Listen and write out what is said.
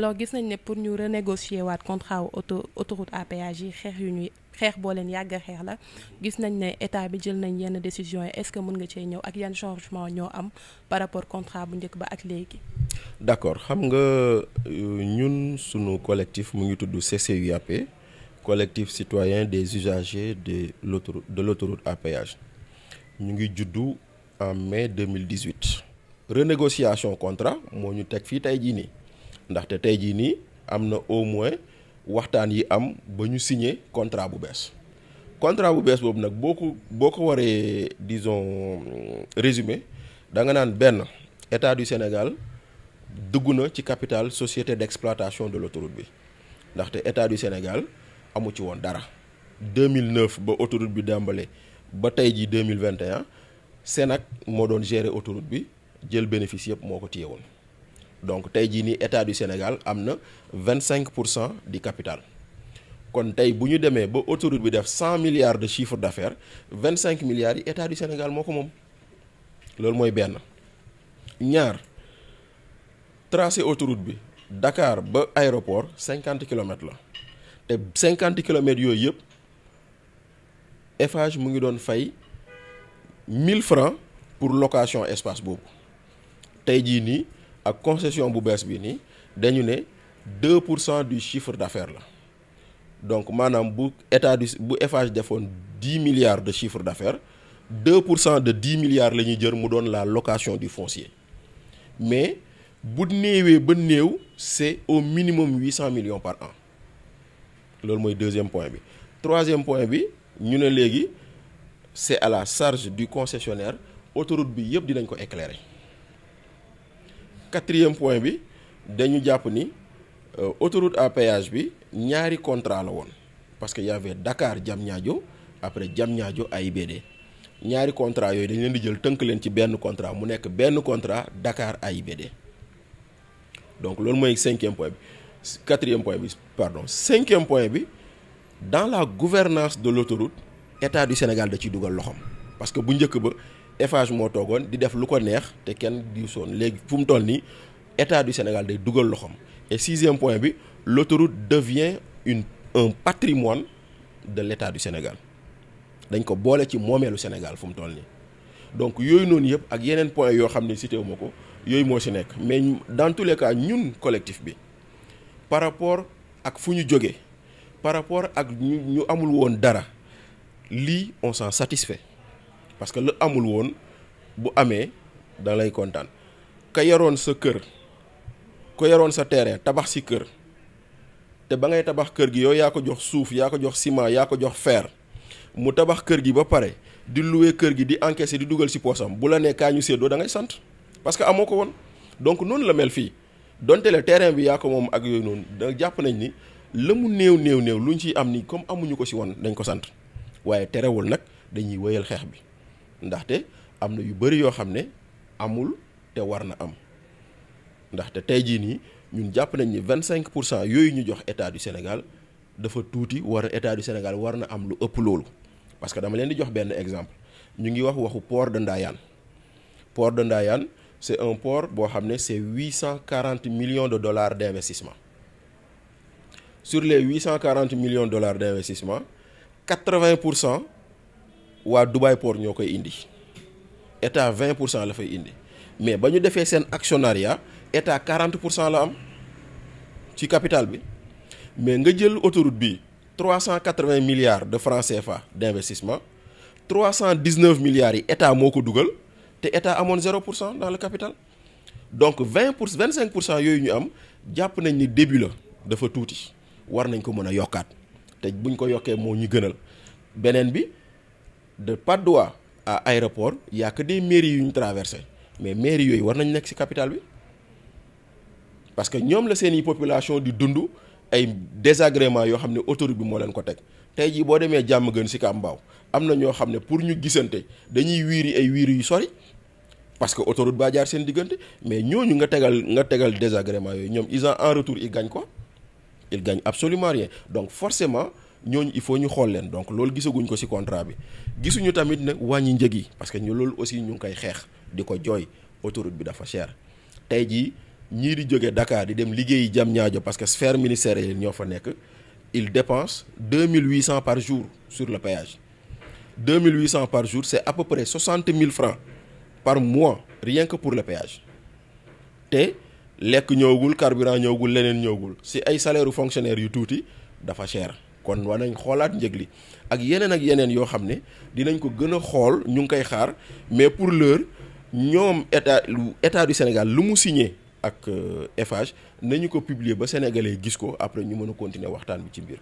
alors gis nañ ne pour ñu renégocier waat contra auto autoroute à péage yi xeex yu ñuy xeex boo leen yàgg xeex la gis nañ ne état bi jël nañ yenn décision yi est-ce que mën nga cee ñëw ak yan changement ñoo am par rapport contrat bu njëkk ba ak léegi. d'accord xam nga euh, ñun sunu collectif mu ngi tudd CCUAP collectif citoyen des usagers de l'autoroute de l'autoroute à péage ñu ngi juddu en mai 2018 renégociation contrat moo ñu teg fii tey jii nii. ndaxte tey jii nii am na au moins waxtaan yi am ba ñu signer contrat bu bees contrat bu bees boobu nag boo ko boo ko waree dison résumé da nga naan benn état du Sénégal dugg na ci capital société d'exploitation de l'autoroute bi ndaxte état du Sénégal amu ci woon dara 2009 ba autoroute bi dàmbale ba tey jii 2021 Sénac moo doon gérer autoroute bi jël bénéfice yëpp moo ko téye woon donc tey jii nii état du Sénégal am na vingt cinq pour cent di capital kon tey bu ñu demee ba autoroute bi def cent milliards de chiffre d'affaires vingt cinq milliards yi état du Sénégal moo ko moom loolu mooy benn ñaar tracé autoroute bi Dakar ba aéroport cinquante kilomètres la te cinquante kilomètres yooyu yëpp effage mu ngi doon fay mille francs pour location espace boobu tey jii nii. ak concession bu bees bi nii dañu ne deux pour cent du chiffre d'affaires la donc maanaam bu état du bu Eiffage defoon dix milliards de chiffre d'affaires deux pour cent de dix milliards la ñuy jër mu doon la location du foncier mais bu néewee ba néew c'est au minimum huit cent millions par an loolu mooy deuxième point bi troisième point bi ñu ne léegi c'est à la charge du concessionnaire autoroute bi yëpp dinañ ko éclairer quatrième point bi dañu jàpp ni euh, autoroute à bi ñaari contrat la woon parce que y avait Dakar Diamniadio après jam Diamniadio AIBD ñaari contrat yooyu dañ leen di jël tënk leen ci benn contrat mu nekk benn contrat Dakar AIBD donc loolu mooy cinquième point bi quatrième point bi pardon cinquième point bi dans la gouvernance de l'autoroute état du Sénégal da ciy dugal loxoom parce que bu njëkk ba Eiffage moo toogoon di def lu ko neex te kenn di soon léegi fu mu toll nii état du Sénégal day dugal loxoom et sixième point bi l'autoroute devient une un patrimoine de l'état du Sénégal dañ ko boole ci moomeelu Sénégal fu mu toll nii donc yooyu noonu yëpp ak yeneen point yoo xam ne cité wu ko yooyu moo si nekk mais dans tous les cas ñun collectif bi par rapport ak fu ñu jógee par rapport ak ñu amul woon dara lii on s'en satisfait parce que lu amul woon bu amee da lay kontaan ka yoroon sa kër ko yoroon sa terrain tabax si kër te ba ngay tabax kër gi yooyu yaa ko jox suuf yaa ko jox ciment yaa ko jox feer mu tabax kër gi ba pare di louer kër gi di encaisser di dugal si poosam bu la nee kaa ñu séddoo da ngay sant parce que amoo ko woon donc noonu la mel fii donte le terrain bi yaa ko moom ak yooyu noonu da jàpp nañ ni la mu néew néew néew lu ñu ciy am ni comme amuñu ko si woon dañ ko sant waaye terewul nag dañuy wéyal xeex bi ndaxte am na yu bëri yoo xam ne amul te war na am ndaxte tey jii nii ñun jàpp nañ ni vingt cinq pour cent yooyu ñu jox état du Sénégal dafa tuuti war état du Sénégal war na am lu ëpp loolu parce que dama leen di jox benn exemple ñu ngi wax waxu port de Ndayane port de Ndayane c' un port boo xam ne c' est huit cent quarante millions de dollars d' investissement sur les huit cent quarante millions de dollars d' quatre vingt pour cent waa Dubai Port ñoo koy indi état vingt pour cent la fay indi mais ba ñu defee seen actionnariat état 40 pour cent la am ci capital bi mais nga jël autoroute bi 380 milliards de francs CFA d' investissement 319 milliards yi état moo ko dugal te état amoon 0 pour cent dans le capital donc vingt pour 25 pour cent yooyu ñu am jàpp nañ ni début la dafa tuuti war nañ ko mën a yokkaat te buñ ko yokkee moo ñu gënal beneen bi. de Patte d'Oie à aéroport y a que des yu ñu traversé mais mairie yooyu war nañ nekk ci capital bi parce que ñoom la seeni population di dund ay désagréments yoo xam ne autoroute bi moo leen ko teg tey jii boo demee jàmm gën Sicap Mbao am na ñoo xam ne pour ñu gisante dañuy wiiri ay wiiri yu sori parce que autoroute baa jaar seen diggante mais ñooñu nga tegal nga tegal désagrément yooyu ñoom ils en retour ils gagnent ko ils gagnent absolument rien donc forcément ñooñu il faut ñu xool leen donc loolu gisaguñ ko ci contrat bi gisuñu tamit ne wàññi njëg yi parce que ñu loolu aussi ñu ngi koy xeex di ko jooy autorite bi dafa cher tey jii ñii di jóge Dakar di dem liggéeyi jam ñaajo parce que sphère ministérielle ñoo fa nekk il dépense 2800 par jour sur le péage 2800 par jour c'est à peu près 60 000 francs par mois rien pour le péage te lekk ñëwagul carburant ñëwagul leneen ñëwagul ci ay salaire fonctionnaire yu tuuti dafa cher kon war nañ xoolaat njëg li ak yeneen ak yeneen yoo xam ne dinañ ko gën a xool ñu ngi koy xaar mais pour l'heure ñoom état lu état du Sénégal lu mu signé ak euh, Eiffage nañu ko publier ba sénégalais gis ko après ñu mën a continuer waxtaan bi ci mbir.